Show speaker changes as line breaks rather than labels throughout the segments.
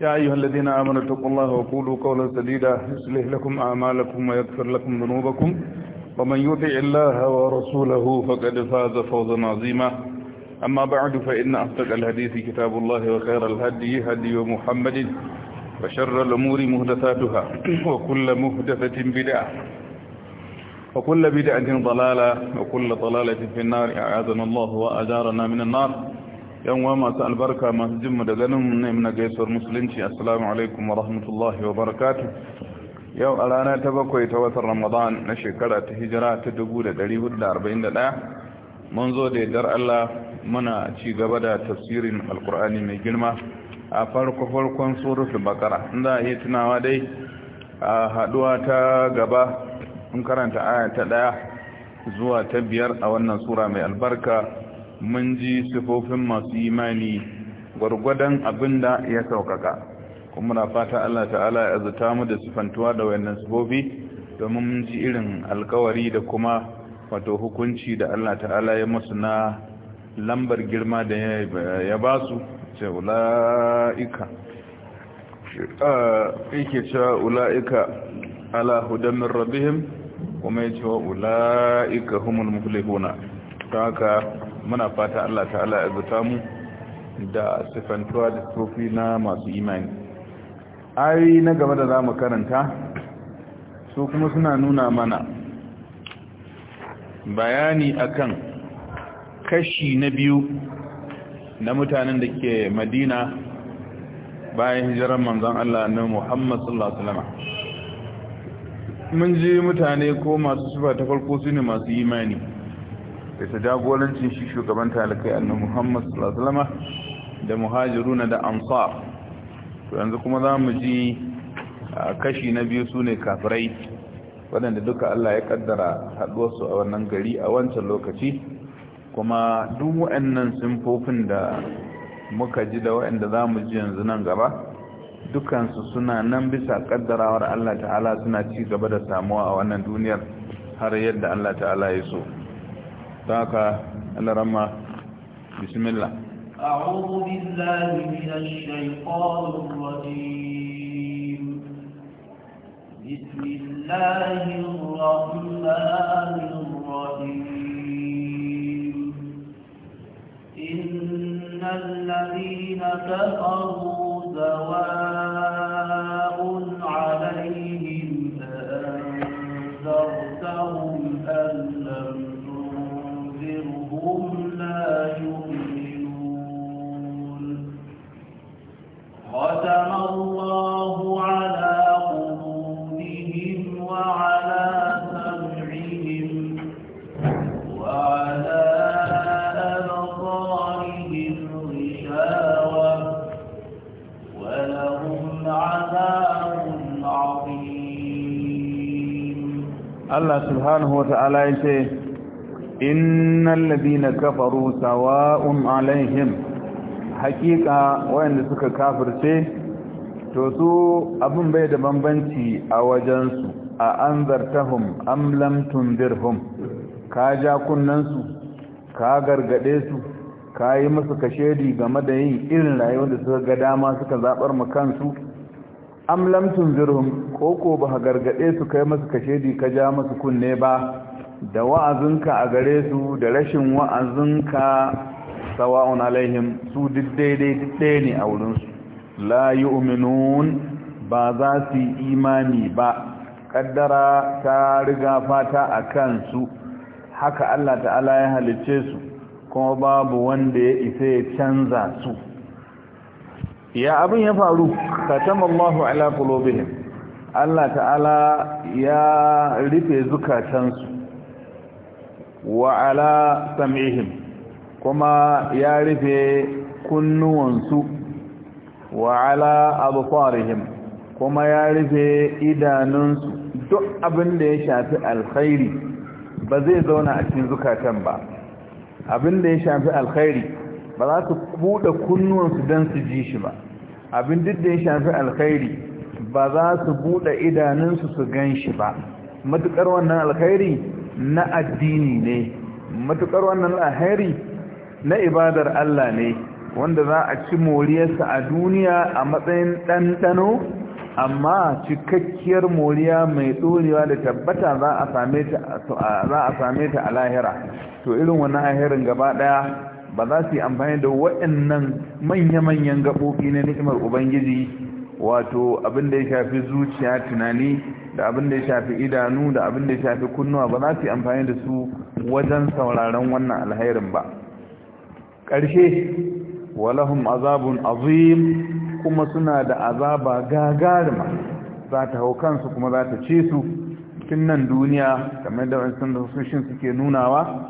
يا أيها الذين آمنوا اتقوا الله وقولوا قولا سديدا يصلح لكم أعمالكم ويغفر لكم ذنوبكم ومن يطع الله ورسوله فقد فاز فوزا عظيما أما بعد فإن أصدق الحديث كتاب الله وخير الهدي هدي محمد وشر الأمور مهدثاتها وكل مهدثة بدعة وكل بدعة ضلالة وكل ضلالة في النار أعاذنا الله وأجارنا من النار yan wa masu albarka masu jinmu da ganin ne na gaisuwar musulunci assalamu alaikum wa rahmatullahi wa barakatu yau a rana ta bakwai ta watan ramadan na shekara ta hijira ta 1441 mun zo da yardar allah muna ci gaba da tafsirin alkur'ani mai girma a farko farkon surufin bakara inda iya tunawa dai a haduwa ta gaba in karanta aya ta daya zuwa ta biyar a wannan sura mai albarka mun ji sifofin masu imani gwargwadon abin da ya saukaka kuma na fata Allah ta'ala ya zata mu da sifantuwa da wayannan sifofi domin mun ji irin alkawari da kuma wato hukunci da Allah ta'ala ya musu na lambar girma da ya ba su ce ula'ika yake ce ula'ika ala hudan rabihim kuma ya cewa ula'ika humul ta haka muna fata Allah ta'ala ya zuta mu da sifantuwa da sofi na masu imani ayoyi na game da zamu karanta su kuma suna nuna mana bayani akan kashi na biyu na mutanen da ke madina bayan hijiran manzon Allah na Muhammad sallallahu Alaihi wasallama mun ji mutane ko masu sufa ta farko su ne masu imani bisa jagorancin shi shugaban talakai annabi Muhammad sallallahu alaihi wasallam da muhajiruna da ansar to yanzu kuma zamu ji kashi na biyu sune kafirai waɗanda duka Allah ya kaddara haduwar su a wannan gari a wancan lokaci kuma duk waɗannan sunfofin da muka ji da za mu ji yanzu nan gaba dukansu suna nan bisa kaddarawar Allah ta'ala suna ci gaba da samuwa a wannan duniyar har yadda Allah ta'ala ya so تاكا الرمى بسم الله
أعوذ بالله من الشيطان الرجيم بسم الله الرحمن الرحيم إن الذين كفروا سواء
ta'ala ya ce innal ladina kafaru sawa'un alaihim hakika wayanda suka kafirce to su abin bai da bambanci a wajensu a anzartahum am lam tundirhum ka ja kunnansu ka gargade su ka yi musu kashedi game da yin irin rayuwar da suka ga dama suka zabar mu kansu am lam ko ko ba gargade su kai musu kashedi ka ja musu kunne ba da wa'azinka a gare su da rashin wa'azinka sawa'un alaihim su daidai daidai ne a wurinsu la yi uminun ba za su yi imani ba kaddara ta riga fata a kansu haka Allah ta'ala ya halicce su kuma babu wanda ya isa ya canza su ya abin ya faru katamallahu ala kulobihim Allah ta'ala ya rufe zukatansu wa ala sam'ihim kuma ya rufe kunnuwansu wa ala absarihim kuma ya rufe idanunsu duk abin da ya shafi alkhairi ba zai zauna a cikin zukatan ba abin da ya shafi alkhairi ba za su buɗe kunnuwansu don su ji shi ba abin duk da ya shafi alkhairi ba za su buɗe idanunsu su gan shi ba matuƙar wannan alkhairi na addini ne matukar wannan alheri na ibadar Allah ne wanda za a ci moriyarsa a duniya a matsayin ɗanɗano amma cikakkiyar moriya mai tsoriwa da tabbata za a same ta a lahira to irin wani ahirin gaba ɗaya ba za su yi amfani da waɗannan manya-manyan gaɓoɓi na ni'imar ubangiji wato abin da ya shafi zuciya tunani da abin da ya shafi idanu da abin da ya shafi kunnuwa ba za su yi amfani da su wajen sauraron wannan alherin ba ƙarshe walahun azabun azim kuma suna da azaba gagarima za ta hau kansu kuma za ta ce su cikin nan duniya kamar da wani sun suke nunawa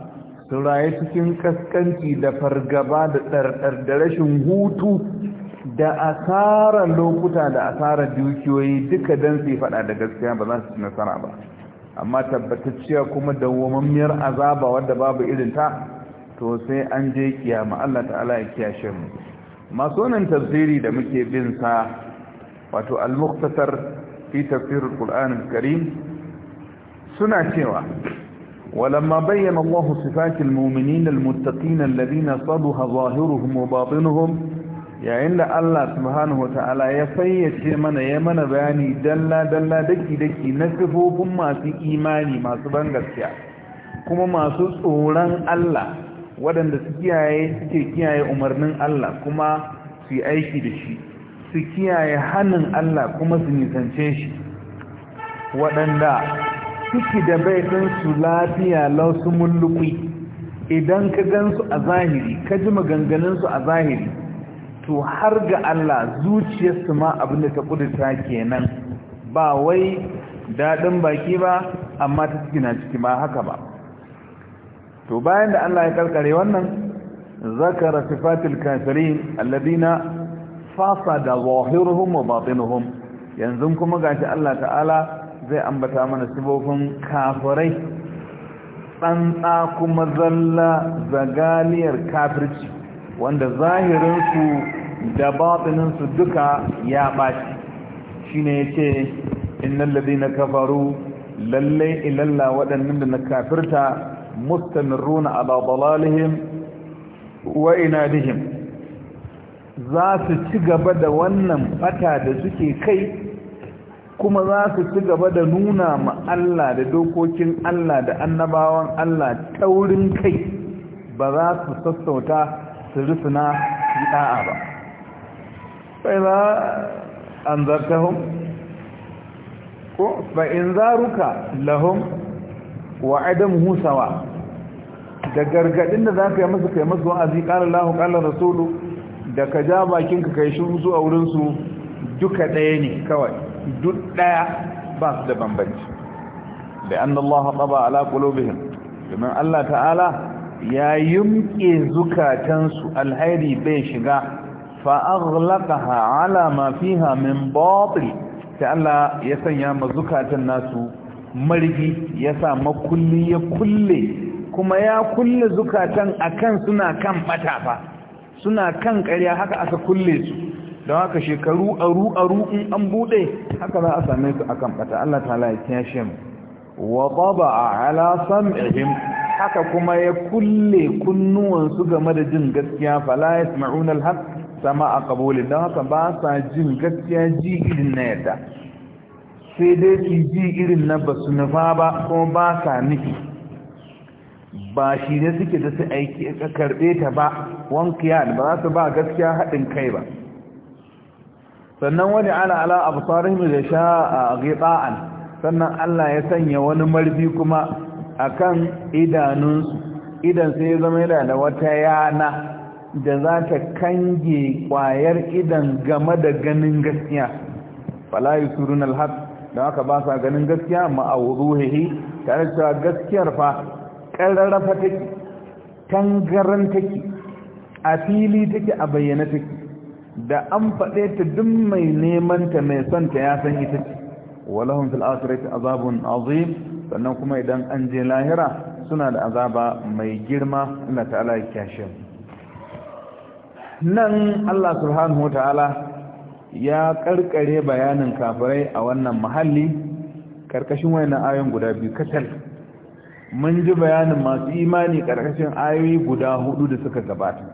su raye cikin kaskanci da fargaba da ɗarɗar da rashin hutu da asarar lokuta da asarar dukiyoyi duka don su fada da gaskiya ba za su ci nasara ba amma tabbatacciya kuma dawwammamiyar azaba wadda babu irin ta to sai an je kiyama Allah ta'ala ya kiyashe mu masu wannan tafsiri da muke bin sa wato al-mukhtasar fi tafsir al-Qur'an al-Karim suna cewa ولما بين الله صفات المؤمنين المتقين الذين صدها ظاهرهم وباطنهم yayin da Allah subhanahu wata'ala ya fayyace mana ya mana bayani dalla-dalla daki-daki na sifofin masu imani masu ban gaskiya kuma masu tsoron Allah waɗanda su kiyaye suke kiyaye umarnin Allah kuma su yi aiki da shi su kiyaye hannun Allah kuma su nisance shi waɗanda suke da su lafiya lausu mulluki idan ka gan su a zahiri ka ji maganganunsu a zahiri to har ga Allah zuciyarsu ma abin da ta kudurta kenan ba wai daɗin baki ba amma ta ciki na ciki ba haka ba to bayan da Allah ya karkare wannan zakara sifatil kafirin alladina fasada zahiruhum wa batinuhum yanzu kuma ga shi Allah ta'ala zai ambata mana sifofin kafirai tsantsa kuma zalla zagaliyar kafirci wanda zahirinsu da batininsu duka ya ɓaci shi ne ya ce innan lade na kafaru lalle ilalla waɗannan da na kafirta mustamiruna ala dalalihim wa inadihim za su ci gaba da wannan fata da suke kai kuma za su ci gaba da nuna ma Allah da dokokin Allah da annabawan Allah taurin kai ba za su sassauta su rusuna yi ɗa'a ba sai za an zartahun ko in zaruka lahun wa adam husawa da gargadin da za ka yi masu kai masu wa'azi ƙarar lahu ƙarar rasulu da ka ja bakinka ka yi shiru zuwa wurinsu duka ɗaya ne kawai duk ɗaya ba su da bambanci da an Allah haɓa ala ƙulobihim domin Allah ta'ala ya yumke zukatansu alhairi bai shiga fa'aghlaqaha ala ma fiha min batil ta Allah ya sanya ma zukatan nasu marigi ya sa makulli ya kulle kuma ya kulle zukatan akan suna kan batafa suna kan ƙarya haka aka kulle su don haka shekaru aru aru in an bude haka za a same su akan bata Allah ta'ala ya kiyashe mu wa qaba ala sam'ihim haka kuma ya kulle kunnuwansu game da jin gaskiya fala yasma'una al-haq a qabuli don haka ba sa jin gaskiya ji irin na yadda sai dai su ji irin na su nufa ba kuma ba sa nufi ba shi ne suke da su aiki a karɓe ta ba wankiya ba za su ba gaskiya haɗin kai ba sannan wani ala ala abu da sha a sannan allah ya sanya wani marbi kuma akan idanunsu idan sai ya zama yana da wata yana da za ta kange kwayar idan game da ganin gaskiya fala yusurun alhaq Da haka ba sa ganin gaskiya amma a wuruhihi tare cewa gaskiyar fa ƙararrafa take tangaran take a fili take a bayyana take da an faɗe ta duk mai neman ta mai son ta ya san ita ce walahun fil akhirati azabun azim sannan kuma idan an je lahira suna da azaba mai girma inda ta'ala ya nan Allah subhanahu ta'ala ya karkare bayanin kafirai a wannan mahalli karkashin wayannan ayoyin guda biyu katal mun ji bayanin masu imani karkashin ayoyi guda hudu da suka gabata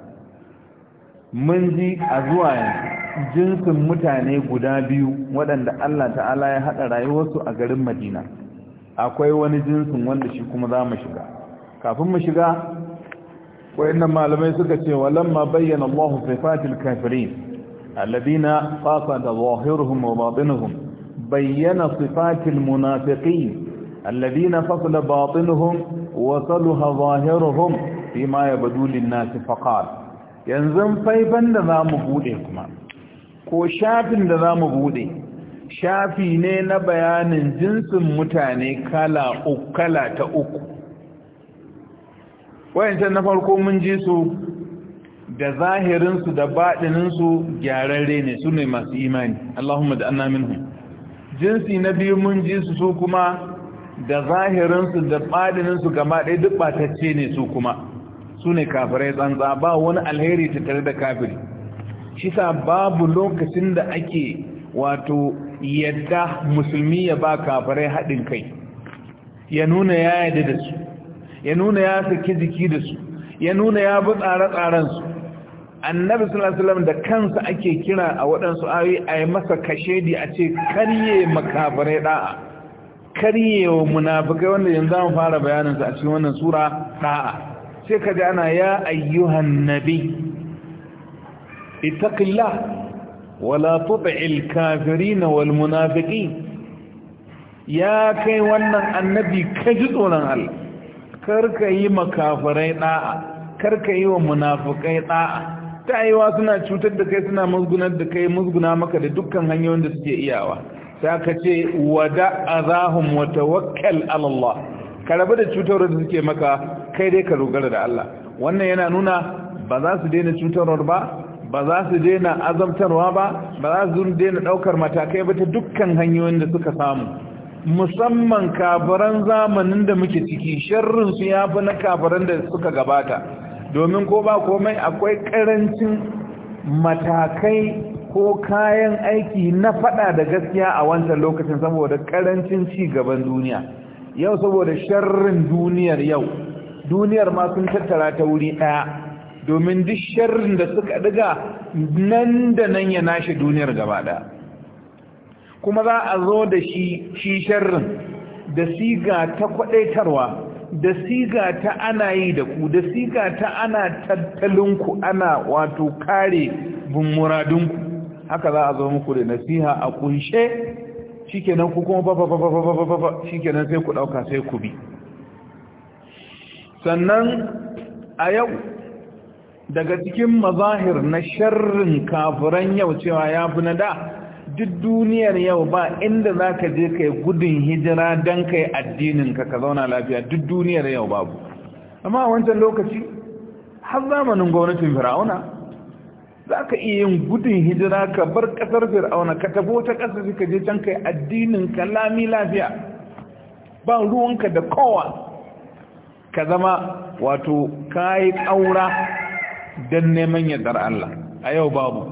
mun ji a zuwa yanzu jinsin mutane guda biyu waɗanda Allah ta'ala ya haɗa rayuwarsu a garin madina akwai wani jinsin wanda shi kuma za mu shiga kafin mu shiga wayannan malamai suka ce walamma bayyana Allah sifatil kafirin alladhina fasada zahiruhum wa batinuhum bayyana sifatil munafiqin alladhina fasala batinuhum wa salaha zahiruhum fima yabdu lin-nas faqal yanzu faifan da zamu bude kuma ko shafin da za mu bude, shafi ne na bayanin jinsin mutane kala uku kala ta uku wayancan na farko mun ji su da zahirinsu da baɗininsu gyararre ne su ne masu imani Allahumma da anna minhum jinsi na biyu mun ji su su kuma da zahirinsu da baɗininsu gama ɗaya duk ɓatacce ne su kuma su ne kafirai tsantsa ba wani alheri tattare da kafiri shi sa babu lokacin da ake wato yadda musulmi ya ba kafarai haɗin kai ya nuna ya yadda da su ya nuna ya saki jiki da su ya nuna ya bi tsare-tsaren annabi salasalam da kansa ake kira a waɗansu ayi a yi masa kashedi a ce karye makabarai da'a karye wa munafikai wanda yanzu an fara bayanansu a cikin wannan sura da'a sai ka ana ya ayyuhan nabi اتق wala ولا تطع الكافرين والمنافقين ya kai wannan annabi ka ji tsoron Allah karka yi makafirai da'a karka yi wa munafikai da'a ta suna cutar da kai suna musgunar da kai musguna maka da dukkan hanyoyin da suke iyawa ta ka ce wada azahum wa tawakkal ala Allah ka da cutarwar da suke maka kai dai ka dogara da Allah wannan yana nuna ba za su daina cutarwar ba ba za su daina azabtarwa ba ba za su daina daukar matakai ba ta dukkan hanyoyin da suka samu musamman kafiran zamanin da muke ciki sharrin su fi na kafiran da suka gabata domin ko ba komai akwai karancin matakai ko kayan aiki na fada da gaskiya a wancan lokacin saboda karancin ci gaban duniya yau saboda sharrin duniyar yau duniyar ma sun tattara ta wuri daya domin duk sharrin da suka ɗiga nan da nan ya nashi duniyar gabaɗa kuma za a zo da shi shi sharrin da siga ta kwaɗaitarwa da siga ta ana yi da ku da siga ta ana tattalinku ana wato kare bin muradunku haka za a zo muku da nasiha a kunshe shikenan ku kuma ba sai ku ɗauka sai ku bi sannan a yau daga cikin mazahir na sharrin kafiran yau cewa ya fi na da duk duniyar yau ba inda za ka je kai gudun hijira don kai yi addininka ka zauna lafiya duk duniyar yau babu amma wancan lokaci har zamanin gwamnatin fir'auna za ka iya yin gudun hijira ka bar ƙasar fir'auna ka tabo ta kasar ka je can ka yi addininka lami lafiya ba ruwanka da kowa ka zama wato ka yi ƙaura don neman yadda Allah a yau babu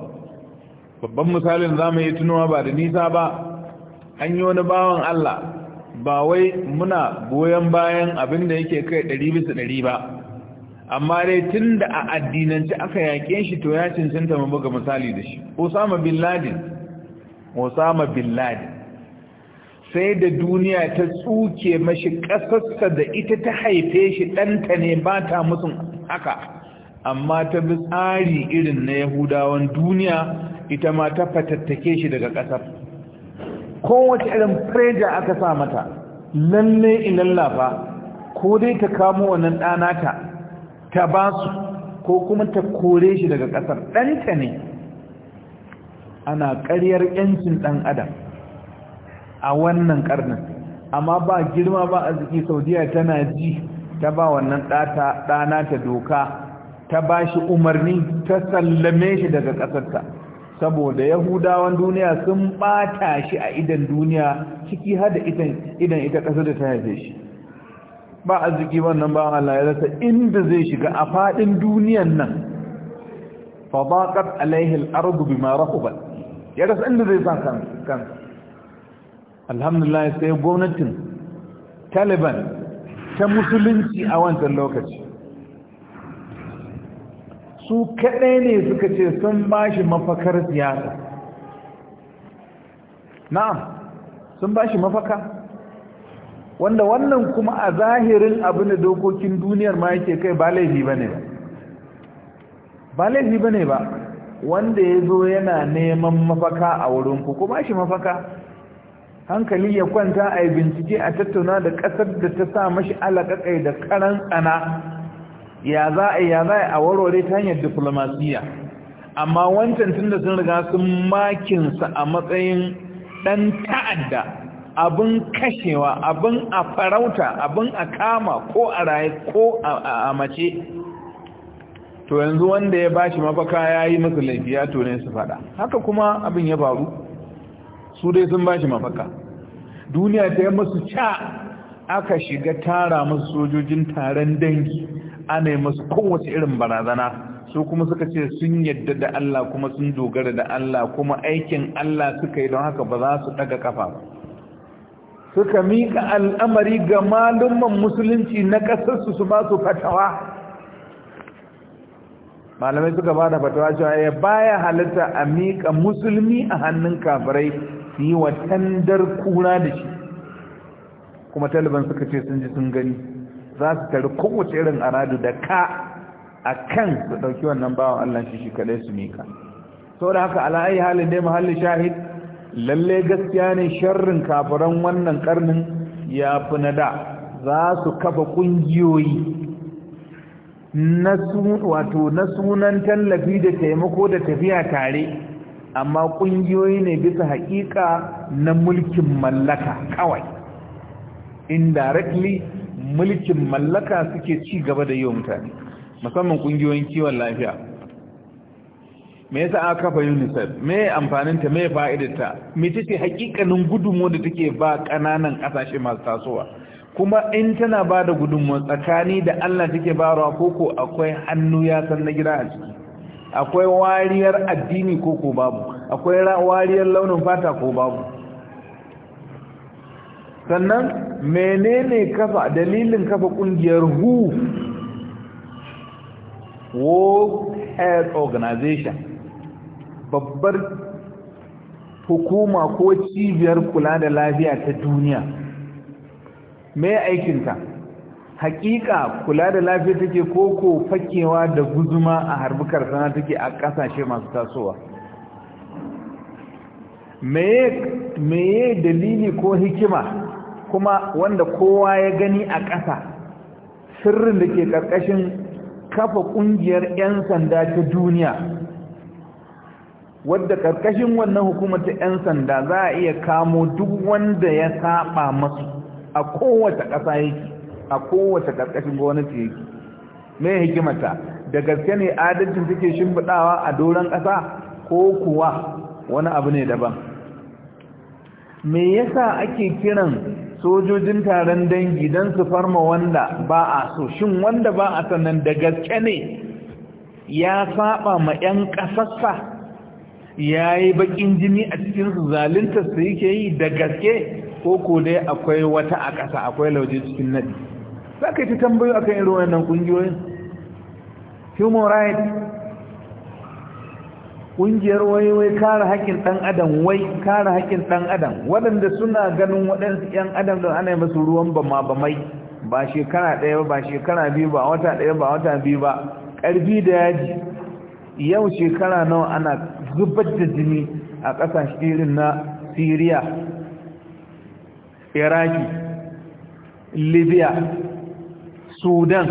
babban misalin za mu yi tunowa ba da nisa ba an yi wani bawan Allah ba wai muna goyon bayan abin da yake kai ɗari bisa ɗari ba amma dai tun da a addinance aka yake shi to ya cancanta mu buga misali da shi osama bin laden osama bin laden sai da duniya ta tsuke mashi ƙasarsa da ita ta haife shi ɗanta ne ba ta musun haka amma ta bi tsari irin na yahudawan duniya ita ma ta fatattake shi daga ƙasar kowace irin preja aka sa mata lalle ilalla lafa ko dai ta kamo wannan ɗanata ta ba su ko kuma ta kore shi daga ƙasar ɗanta ne ana ƙaryar 'yancin ɗan adam a wannan ƙarnin amma ba girma ba a ziki saudiya tana ji ta ba wannan ɗanata doka ta ba shi umarni ta sallame shi daga ƙasarsa saboda yahudawan duniya sun bata shi a idan duniya ciki hada idan ita ƙasar da ta haife shi ba arziki wannan ba Allah ya zata inda zai shiga a faɗin duniyan nan fa baqat alaihi al-ardu bima rahubat ya rasa inda zai sa kan alhamdulillah sai gwamnatin Taliban ta musulunci a wancan lokaci su kaɗai ne suka ce sun ba shi mafakar siyasa na'am sun ba shi mafaka wanda wannan kuma a zahirin abu da dokokin duniyar ma yake kai ba laifi ba ne ba ba laifi ba ne ba wanda ya zo yana neman mafaka a wurinku kuma shi mafaka hankali ya kwanta a yi bincike a tattauna da ƙasar da ta sa mashi alaƙaƙai da karan tsana ya za a ya za a warware ta hanyar diplomasiya amma wancan tun da sun riga sun makinsa a matsayin ɗan ta'adda abin kashewa abin a farauta abin a kama ko a raye ko a mace to yanzu wanda ya bashi mafaka ya yi masu laifi ya tone su fada haka kuma abin ya faru su dai sun bashi mafaka duniya ta yi masu ca aka shiga tara masu sojojin taron dangi ana masu kowace irin barazana su kuma suka ce sun yadda da Allah kuma sun dogara da Allah kuma aikin Allah suka yi don haka ba za su daga kafa ba suka mika al'amari ga malumman musulunci na ƙasarsu su ba su fatawa malamai suka ba da fatawa cewa ya eh, baya halitta a mika musulmi a hannun kafirai su yi wa tandar kura da shi kuma taliban suka ce sun ji sun gani za su tari kowace irin aradu da ka a kan su ɗauki wannan bawan Allah shi shi kaɗai su mika sau da haka ala'ayi halin dai muhalli shahid lalle gaskiya ne sharrin kafiran wannan karnin ya fi na da za su kafa ƙungiyoyi wato na sunan tallafi da taimako da tafiya tare amma ƙungiyoyi ne bisa haƙiƙa na mulkin mallaka kawai indirectly mulkin mallaka suke ci gaba da yi mutane musamman kungiyoyin kiwon lafiya me yasa aka kafa UNICEF me amfaninta me fa'idarta me tace hakikanin gudunmuwa da take ba ƙananan ƙasashe masu tasowa kuma in tana ba da gudunmuwa tsakani da Allah take barawa koko akwai hannu ya san na gida a ciki akwai wariyar addini koko babu akwai wariyar launin fata ko babu sannan menene kafa dalilin kafa kungiyar who world health organization babbar hukuma ko cibiyar kula da lafiya ta duniya me aikinta hakika kula da lafiya take koko fakewa da guzuma a harbukar sana take a kasashe masu tasowa meye dalili ko hikima kuma wanda kowa ya gani a ƙasa sirrin da ke ƙarƙashin kafa ƙungiyar 'yan sanda ta duniya wadda ƙarƙashin wannan hukumar ta 'yan sanda za a iya kamo duk wanda ya saba masu a kowace ƙasa yake a kowace ƙarƙashin gwamnati yake mai hikimata da gaske ne adalcin suke shimfiɗawa a doron ƙasa ko kuwa wani abu ne daban me yasa ake kiran sojojin taron dangi don su farma wanda ba a so shin wanda ba a sannan da gaske ne ya saba ma 'yan ƙasassa ya yi baƙin jini a cikin zalinta su yake yi da gaske ko ko dai akwai wata a ƙasa akwai lauje cikin nadi za ka yi ta tambayo akan irin wannan ƙungiyoyin human rights ƙungiyar wai wai kare haƙƙin ɗan adam wai kare haƙƙin ɗan adam waɗanda suna ganin waɗansu ‘yan adam don ana yi masu ruwan bama mai ba shekara ɗaya ba shekara biyu ba wata ɗaya ba wata biyu ba ƙarfi da yaji yau shekara nawa ana zubar da jini a ƙasashe irin na syria iraki libya sudan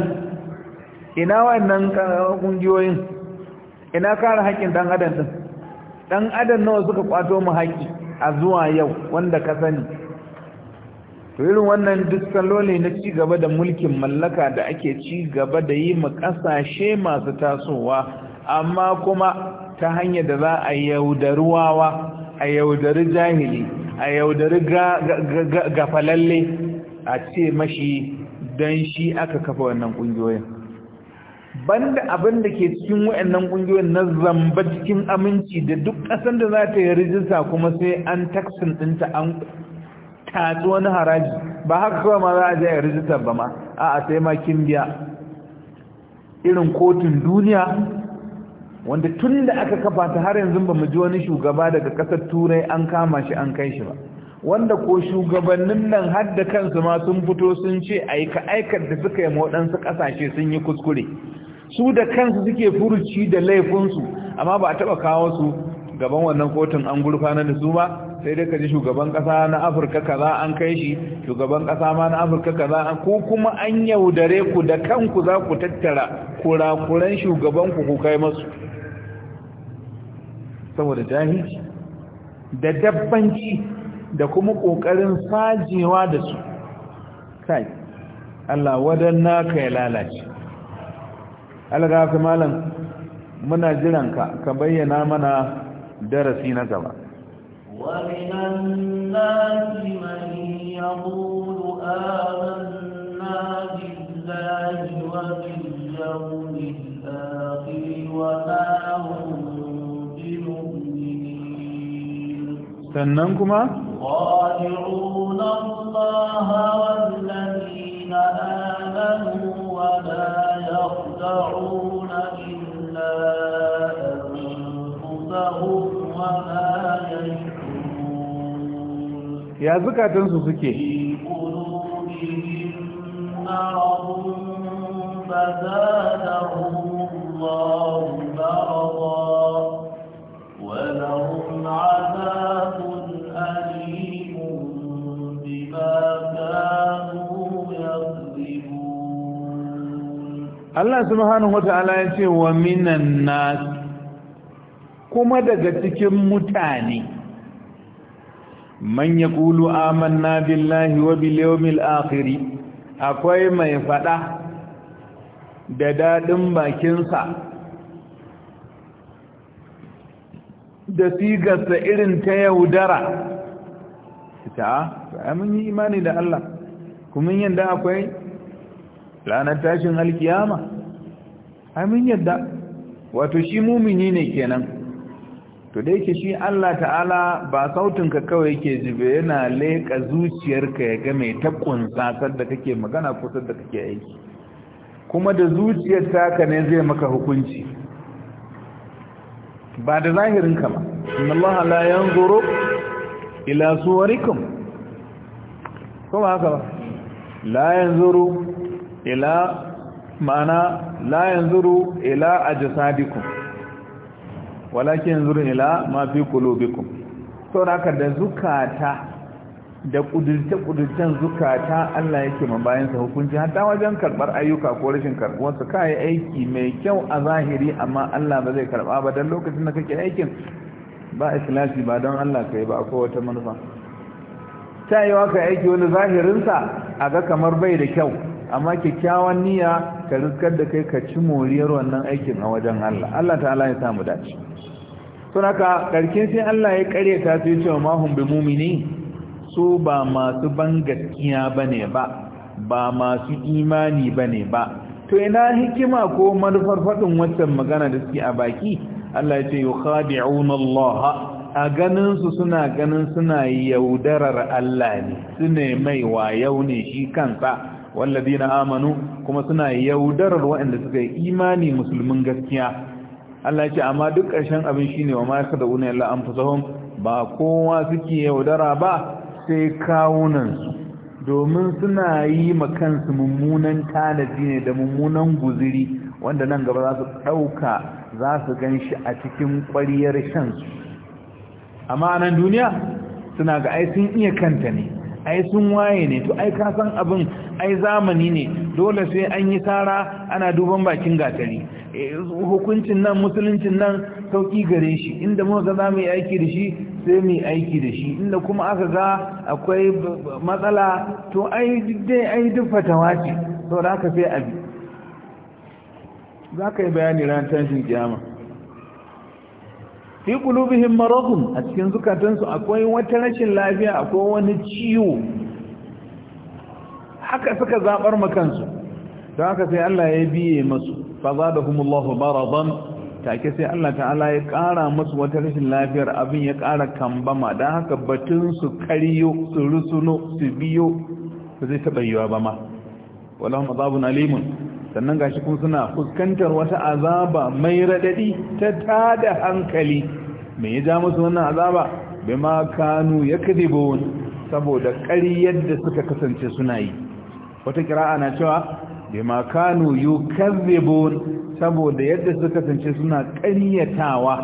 ina wannan kungiyoyin ina kare haƙƙin dan adam din ɗan adam nawa suka kwato mu haƙƙi a zuwa yau wanda ka sani to irin wannan duk salloli na ci gaba da mulkin mallaka da ake ci gaba da yi mu kasashe masu tasowa amma kuma ta hanyar da za a wawa a yaudari jahili a yaudari gafalalle a ce mashi don shi aka kafa wannan ƙungiyoyin banda abin da ke cikin wayannan kungiyoyin na zamba cikin aminci da duk kasan da za ta yi rijista kuma sai an taksin dinta an tatsi wani haraji ba haka kawai ma za a je a ba ma a a sai ma kin biya irin kotun duniya wanda tun da aka kafa ta har yanzu ba mu ji wani shugaba daga kasar turai an kama shi an kai shi ba wanda ko shugabannin nan har da kansu ma sun fito sun ce aika aikar da suka yi waɗansu ƙasashe sun yi kuskure su da kansu suke furuci da laifinsu amma ba a taba kawo su gaban wannan kotun an gurfana da su ba sai dai ka ji shugaban kasa na afirka kaza an kai shi shugaban kasa ma na afirka kaza an ko kuma an yaudare ku da kanku za ku tattara kurakuran shugaban ku ku kai masu saboda jahilci da dabbanci da kuma kokarin sajewa da su kai Allah wadanna ka ya lalace algafi malam muna jiran ka ka bayyana mana darasi na gaba sannan kuma
قَالُوا إِنَّ اللَّهَ وَالَّذِينَ آمَنُوا وَلَا يخدعون إلا أنفسهم وما يشعرون
يا زكاة سوسكي في
قلوبهم مرض فزادهم الله مرضا ولهم عذاب
Allah subhanahu wata'ala ya ce wa minan nas kuma daga cikin mutane man yaqulu amanna billahi wa bil yawmil akhir akwai mai fada da dadin bakinsa da sigarsa irin ta yaudara ta amin ah, imani da Allah kuma yanda akwai ranar tashin alkiyama amin yadda wato shi mumini ne kenan to da yake shi Allah ta'ala ba sautinka kawai yake jibe yana leƙa zuciyarka ya ga mai ta sasar da kake magana ko da kake aiki kuma da zuciyar taka ne zai maka hukunci ba da zahirin ka ba inna Allah la yanzuru ila suwarikum kuma haka ba la yanzuru ila ma'ana la yanzuru ila ajsadikum walakin yanzuru ila ma fi qulubikum saboda da zukata da kudurce-kudurcen zukata Allah yake sa hukunci hatta wajen karbar ayyuka ko rashin karɓuwarsu ka yi aiki mai kyau a zahiri amma Allah ba zai karɓa ba don lokacin da kake aikin ba islasi ba dan Allah ka ba ko wata manufa ta yi waka aiki wani zahirinsa a ga kamar bai da kyau amma kyakkyawan niyya ka riskar da kai ka ci moriyar wannan aikin a wajen Allah Allah ta'ala ya samu dace to naka karkin sai Allah ya kare ta sai cewa ma hum bi mu'mini su ba masu ban gaskiya bane ba ba masu imani bane ba to ina hikima ko manufar fadin wannan magana da suke a baki Allah ya ce yukhadi'un Allah a ganin su suna ganin suna yaudarar Allah ne su ne mai wayau ne shi kansa Walladina amanu kuma suna yaudarar waɗanda suka yi imani musulmin gaskiya Allah ya ce amma duk ƙarshen abin shine wa ma yakhda'una illa anfusahum ba kowa suke yaudara ba sai kawunansu domin suna yi ma makansu mummunan tanadi ne da mummunan guziri wanda nan gaba za su ɗauka za su gan a cikin ƙwariyar shansu amma a nan duniya suna ga ai sun iya kanta ne ai sun waye ne to ai ka san abin ai zamani ne dole sai an yi tara ana duban bakin gatari e, hukuncin nan musuluncin nan sauki gare shi inda muka za mu yi aiki da shi sai mu yi aiki da shi inda kuma aka ga akwai matsala to ai dai ai duk fatawa ce da haka sai abi za ka yi bayani ran tashin kiyama fi qulubihim maradun a cikin zukatansu akwai wata rashin lafiya akwai wani ciwo haka suka zabar makansu don haka sai Allah ya biye masu fazadahumullahu maradan take sai Allah ta'ala ya kara masu wata rashin lafiyar abin ya kara kambama don haka batun su kariyo su rusuno su biyo su zai taɓa yiwa ba ma zabu azabun alimun sannan gashi kuma suna fuskantar wata azaba mai raɗaɗi ta tada hankali me ya ja musu wannan azaba bima kanu yakdibun saboda kariyar da suka kasance suna yi wata kira ana cewa bima yi yukazzibun saboda yadda suka kasance suna ƙaryatawa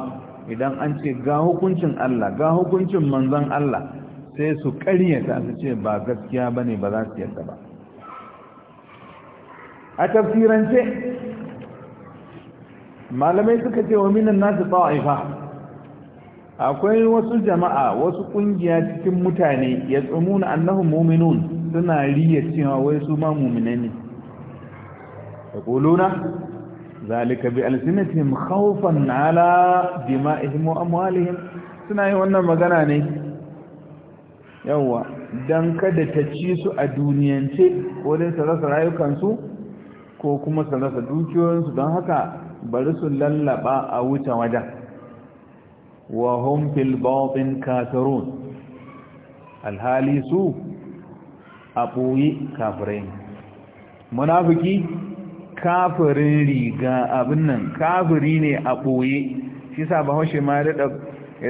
idan an ce ga hukuncin Allah ga hukuncin manzan Allah sai su ƙaryata su ce ba gaskiya ba ne ba za su yadda ba a tafsirance malamai suka ce wa minan nasu tsawaifa akwai wasu jama'a wasu kungiya cikin mutane ya tsumuna annahum mu'minun suna riya cewa wai su ma mu'minai ne yaquluna zalika bi alsinatihim khawfan ala dima'ihim wa amwalihim suna yi wannan magana ne yawa dan kada ta ci su a duniyance ko dai su rasa rayukansu ko kuma su rasa dukiyoyinsu don haka bari su lallaba a wuce wajen wa hum fil batin alhali su a ɓoye kafirai ne munafiki kafirin riga abin nan kafiri ne a ɓoye shi sa bahaushe ma ya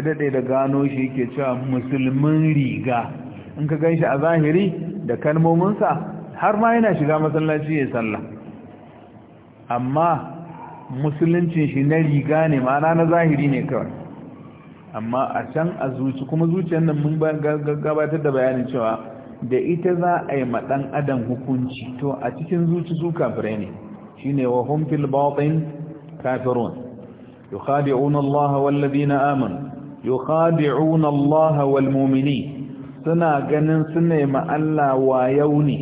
daɗe da gano shi ke cewa musulmin riga in ka gan shi a zahiri da kalmominsa har ma yana shiga masallaci ya salla amma musuluncin shi na riga ne ma'ana na zahiri ne kawai amma a can a zuci kuma zuciyar nan mun gabatar da bayanin cewa da ita za a yi maɗan adam hukunci to a cikin zuci su kafirai ne shi ne wa humfil baɗin kafirun yukhadi'una Allah wallazina amanu yukhadi'una Allah wal suna ganin suna yi Allah wayau ne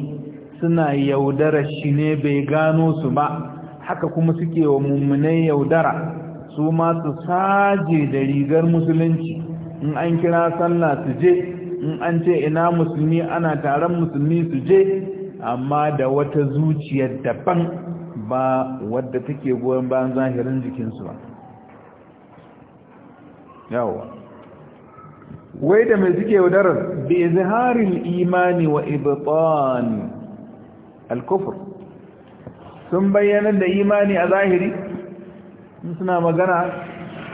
suna yaudara shi ne bai gano su ba haka kuma suke wa mummunai yaudara su ma su saje da rigar musulunci in an kira sallah su je in an ce ina musulmi ana taron musulmi su je amma da wata zuciyar daban ba wadda take goyon bayan zahirin jikinsu ba yawa wai da mai suke yaudarar bi zaharin imani wa ibtan al sun bayyana da imani a zahiri suna magana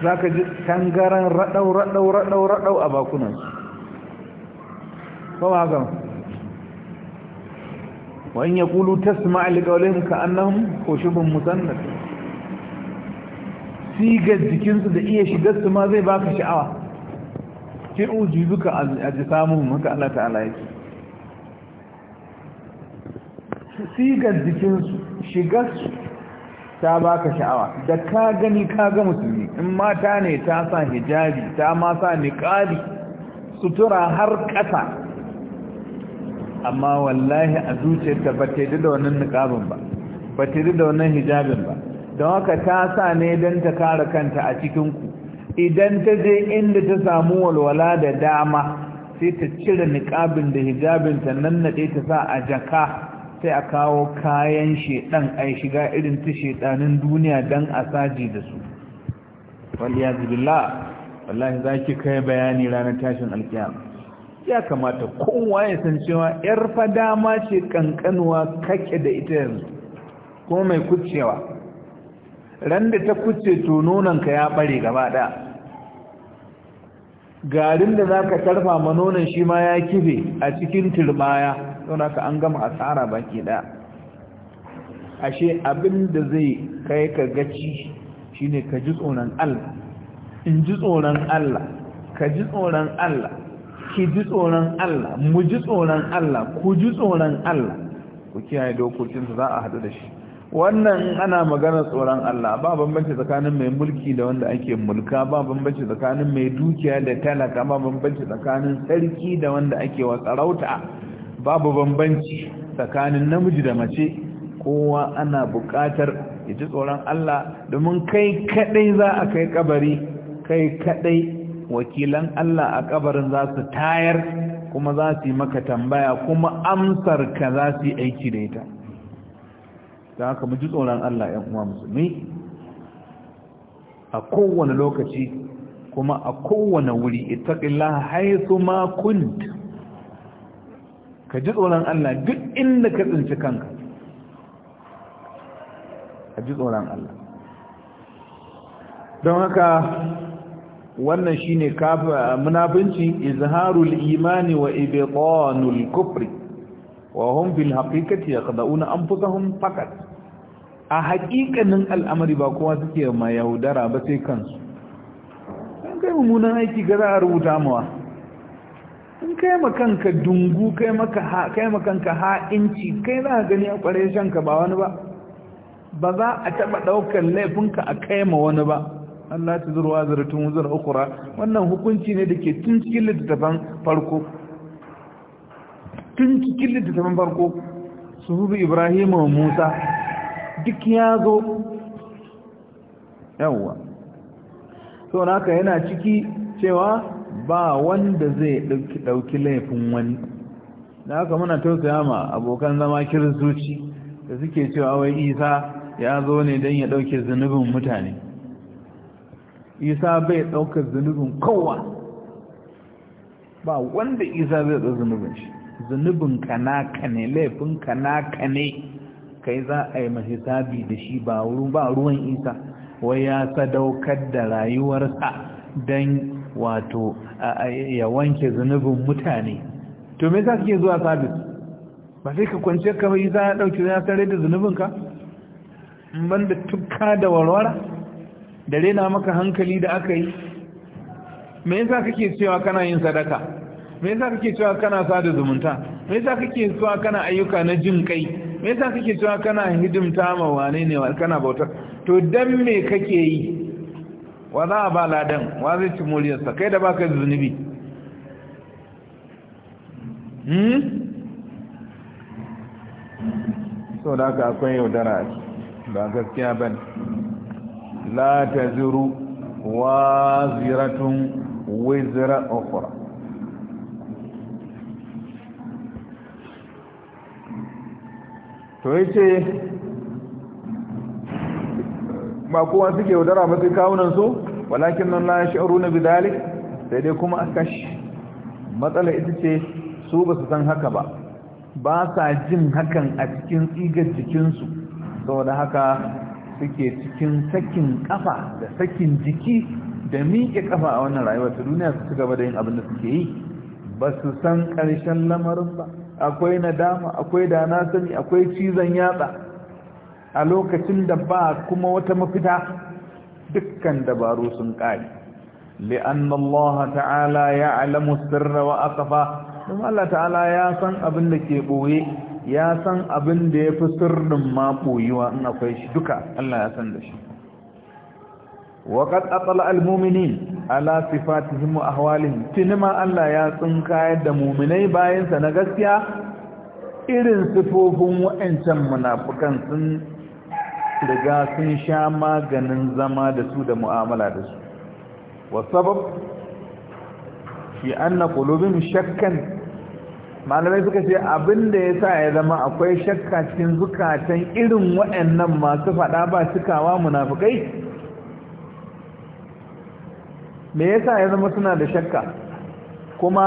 zaka ji kangaran raɗau raɗau radau radau a bakunansu ko ba haka wa in yaqulu tasma' li qawlihim ka'annahum khushubun musannad sigar jikinsu da iya shigar su ma zai baka sha'awa kin ujibuka samun maka Allah ta'ala yake sigar jikinsu shigar su ta baka sha'awa da ka gani ka ga musulmi in mata ne ta sa hijabi ta ma sa niqabi sutura har ƙasa amma wallahi a zuciyarta ba ta yi da wannan niqabin ba ba ta yi da wannan hijabin ba don haka ta sa ne don ta kare kanta a cikin ku idan ta je inda ta samu walwala da dama sai ta cire niqabin da hijabin ta nan nade ta sa a jaka sai a kawo kayan shedan ai shiga irin ta shedanin duniya dan saji da su wal wallahi zaki kai bayani ranar tashin alkiyama ya kamata kowa ya san cewa yar fa dama ce kankanuwa kake da ita yanzu kuma mai kucewa ran da ta kuce to nononka ya bare gaba ɗaya garin da za ka tarfa manonan shi ma ya kife a cikin turbaya don haka an gama asara baki ɗaya ashe abin da zai kai ka gaci shine ka ji tsoron Allah in ji tsoron Allah ka ji tsoron Allah ki ji tsoron Allah mu ji tsoron Allah ku ji tsoron Allah ku kiyaye dokokinsa za a haɗu da shi wannan ana magana tsoron Allah ba bambanci tsakanin mai mulki da wanda ake mulka ba bambanci tsakanin mai dukiya da talaka ba bambanci tsakanin sarki da wanda ake wa sarauta babu bambanci tsakanin namiji da mace kowa ana buƙatar ya ji tsoron Allah domin kai kadai za a kai kabari kai kadai wakilan Allah a kabarin za su tayar kuma za su yi maka tambaya kuma amsar ka za su yi aiki da ita da haka mu ji tsoron Allah ‘yan uwa musulmi a kowane lokaci kuma a kowane wuri itaƙillah haisu ma kunt ka ji tsoron Allah duk inda ka tsinci kanka ka ji tsoron Allah don haka wannan shine munafinci izharul imani wa ibtanul kufri wa hum fil haqiqati yakhda'una anfusahum faqat a haƙiƙanin al'amari ba kowa suke ma yaudara ba sai kansu in kai mummunan aiki ga za a rubuta mawa in kai makanka dungu kai makanka ha'inci kai za a gani a ƙwarai shanka ba wani ba ba za a taɓa ɗaukar laifinka a kai ma wani ba Allah ta zurwa zaratun wuzar ukura wannan hukunci ne da ke tun cikin littattafan farko tun cikin littattafan farko su suhubu ibrahim wa musa duk ya zo yawwa so naka yana ciki cewa ba wanda zai ɗauki laifin wani da haka muna tausaya ma abokan zama zuci da suke cewa wai isa ya zo ne don ya ɗauke zunubin mutane isa bai daukar zunubin kowa ba wanda isa zai da zunubin shi zunubin ka naka ne laifin ka naka ne kai za a yi mahisabi da shi ba ruwan isa wai ya sadaukar da rayuwarsa don wato ya wanke zunubin mutane to me za ke zuwa sabis ba sai ka kwanciyar kamar isa ya dauki ya sare da zunubinka ban da tukka da warwara da rena maka hankali da aka yi me yasa kake cewa kana yin sadaka me yasa kake cewa kana sada zumunta me yasa kake cewa kana ayyuka na jin kai me yasa kake cewa kana hidimta ma wane ne kana bauta to dan me kake yi wa za a ba ladan wa zai ci muryarsa kai da baka zunubi hmm so da haka akwai yaudara ba gaskiya bane la taziru waziratun wizra ukhra to yace ba kowa suke yaudara ba sai kawunan su walakin nan la yash'uruna bidalik sai dai kuma akash matsala ita ce su ba su san haka ba ba sa jin hakan a cikin tsigar jikinsu saboda haka suke cikin sakin kafa da sakin jiki da miƙe kafa a wannan rayuwa ta duniya su gaba da yin abin da suke yi ba su san ƙarshen lamarin ba akwai nadama akwai da na sani akwai cizon yatsa a lokacin da ba kuma wata mafita dukkan dabaru sun ƙari li'an Allah ta'ala ya alamu sirra wa aqfa Allah ta'ala ya san abin da ke boye ya san abin da ya fi sirrin maɓoyiwa in akwai shi duka Allah ya san da shi waƙat atsala al-muminin ala sifatihim wa ahwalihim tinima Allah ya tsinka da muminai bayansa na gaskiya irin sifofin wa'ancan munafukan sun riga sun sha maganin zama da su da mu'amala da su wa sabab shi anna qulubim shakkan malamai suka ce abin da ya sa ya zama akwai shakka cikin zukatan irin waɗannan masu faɗa ba cikawa munafukai me yasa ya zama suna da shakka kuma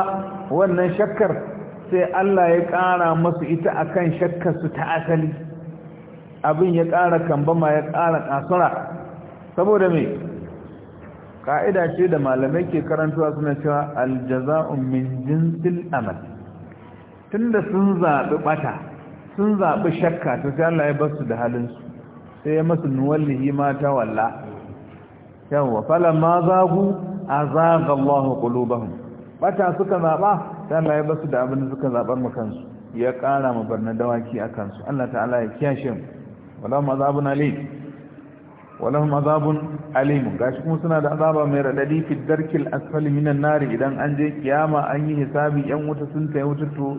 wannan shakkar sai Allah ya ƙara masu ita akan shakkar su ta asali abin ya ƙara kambama ya ƙara ƙasura saboda mai ƙa'ida ce da malamai ke karantuwa suna cewa aljaza'un min jinsil amal tunda sun zaɓi ɓata sun zaɓi shakka ta, sai Allah ya bar su da halinsu sai ya masu nuwalli ma ta walla yawwa falan ma zagu azaga Allah qulubahum ɓata suka zaɓa sai Allah ya bar su da abin suka zaɓar mu kansu ya ƙara mu barna dawaki a kansu Allah ta'ala ya kiyashe mu wala ma zabuna alayhi walahum azabun alim gashi kuma suna da azaba mai radadi fi darkil asfali minan nar idan an je kiyama an yi hisabi yan wuta sun tayi wuta to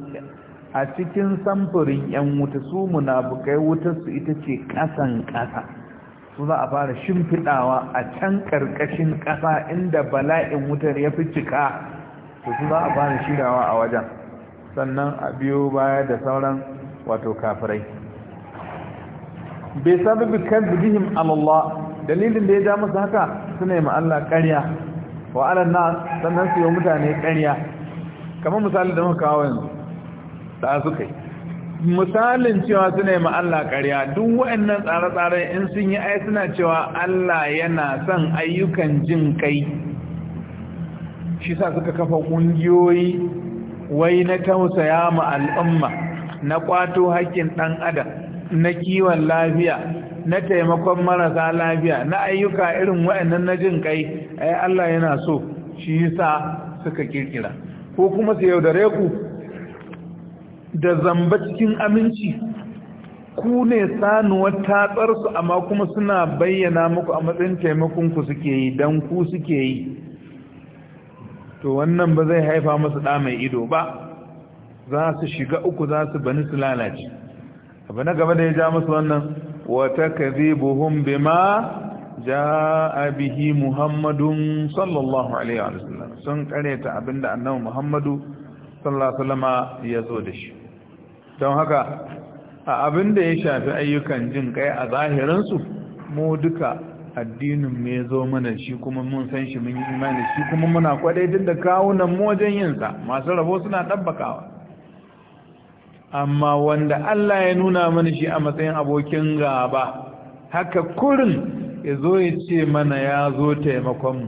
a cikin samfurin yan wuta su munafikai wutar su ita ce kasan kasa su za a fara shimfidawa a can karkashin kasa inda bala'in wutar ya fi cika to su za a fara shirawa a wajen sannan a biyo baya da sauran wato kafirai bai sababi kadhibihim ala alallah dalilin da ya ja musu haka suna yi ma'alla karya ƙarya wa alan nas sannan su yi mutane ƙarya kamar misali da muka kawo yanzu da suka yi misalin cewa suna yi ma'alla karya ƙarya duk nan tsare-tsare in sun yi ai suna cewa Allah yana son ayyukan jin kai shi sa suka kafa ƙungiyoyi wai na tausaya ma al'umma na ƙwato haƙƙin ɗan adam na kiwon lafiya na taimakon marasa lafiya na ayyuka irin waɗannan na jin kai ai Allah yana so shi yasa suka kirkira ko kuma su yaudare ku da zamba cikin aminci ku ne sanuwar su amma kuma suna bayyana muku a matsayin taimakon ku suke yi dan ku suke yi to wannan ba zai haifa musu da mai ido ba za su shiga uku za su bani su lalace abu na gaba da ya ja masu wannan wata kadhibuhum bima jaa bihi muhammadun sallallahu alaihi wa sallam sun kareta abinda annabi muhammadu sallallahu alaihi wasallama ya zo da shi don haka a abinda ya shafi ayyukan jin kai a zahirinsu su mu duka addinin mu ya zo mana shi kuma mun san shi mun yi imani shi kuma muna kwadai da kawunan mu wajen yin masu rabo suna tabbakawa amma wanda Allah ya nuna mana shi a matsayin abokin gaba haka kurin ya zo ya ce mana ya zo taimakonmu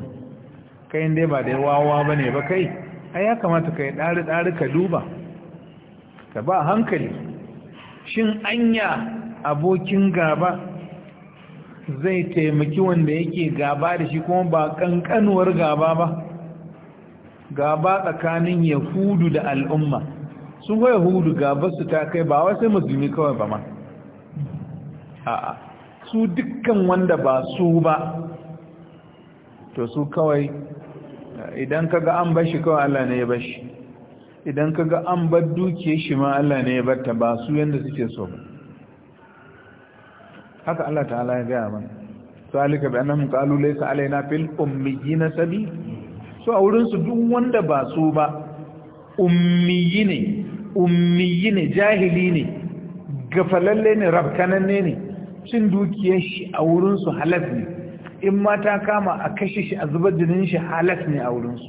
kai dai ba da wawa ba ne ba kai a ya kamata kai ɗari-ɗari ka duba ka ba hankali shin anya abokin gaba zai taimaki wanda yake gaba da shi kuma ba ƙanƙanuwar gaba ba gaba tsakanin yahudu da al'umma sun waya hudu gabarsu ta kai ba wasu musulmi kawai ba ma a'a su dukkan wanda ba su ba to su kawai idan kaga an bashi kawai Allah ne ya bashi idan kaga an bar dukiyar shi ma Allah ne ya barta ba su yanda suke so ba haka Allah ta'ala ya gaya mana zalika bi annahum qalu laysa alaina fil ummiyina sabi so a wurin su duk wanda ba su ba ummiyi ne ummiyi ne jahili ne gafalalle ne rabkananne ne cin dukiyar shi a wurinsu halas ne in mata kama a kashe shi a zubar jinin shi halas ne a wurinsu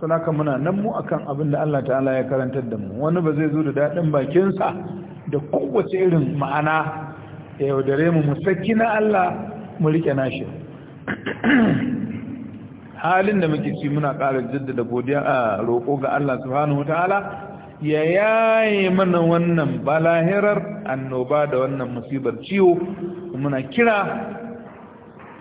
sanaka muna nan mu akan abin da Allah ta'ala ya karantar da mu wani ba zai zo da daɗin bakinsa da kowace irin ma'ana ya yaudare mu musakki na Allah mu rike nashi halin da muke ci muna ƙara jaddada godiya a roƙo ga Allah subhanahu ta'ala ya yaye mana wannan balahirar annoba da wannan musibar ciwo muna kira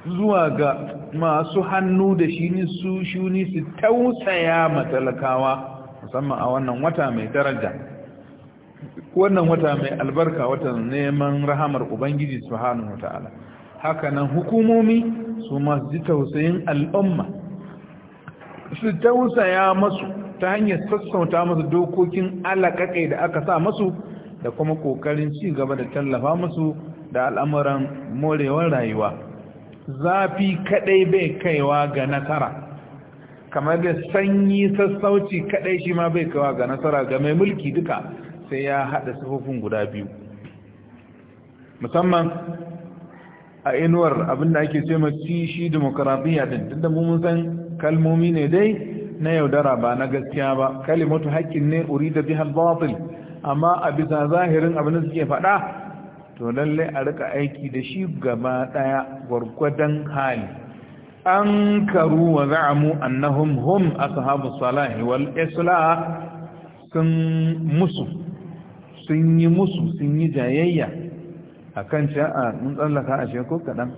zuwa ga masu hannu da shi ni su shuni su tausaya matalakawa musamman a wannan wata mai daraja wannan wata mai albarka watan neman rahamar ubangiji subhanahu wataala haka nan hukumomi su masu ji tausayin al'umma su tausaya masu ta hanyar sassauta masu dokokin alaƙaƙe da aka sa masu da kuma ƙoƙarin ci gaba da tallafa masu da al'amuran morewar rayuwa zafi kaɗai bai kaiwa ga nasara kamar da sanyi sassauci kaɗai shi ma bai kaiwa ga nasara ga mai mulki duka sai ya haɗa sufofin guda biyu musamman a inuwar abinda ake ce mace shi demokaradiyya din tunda mun san kalmomi ne dai na yaudara ba na gaskiya ba kalimatu haƙƙin ne urida bihal batil amma a bisa zahirin abin da suke faɗa to lalle a rika aiki da shi gaba ɗaya gwargwadon hali an karu wa za'amu annahum hum ashabu salahi wal islah sun musu sun yi musu sun yi jayayya akan sha'a ah, mun tsallaka a shekau kaɗan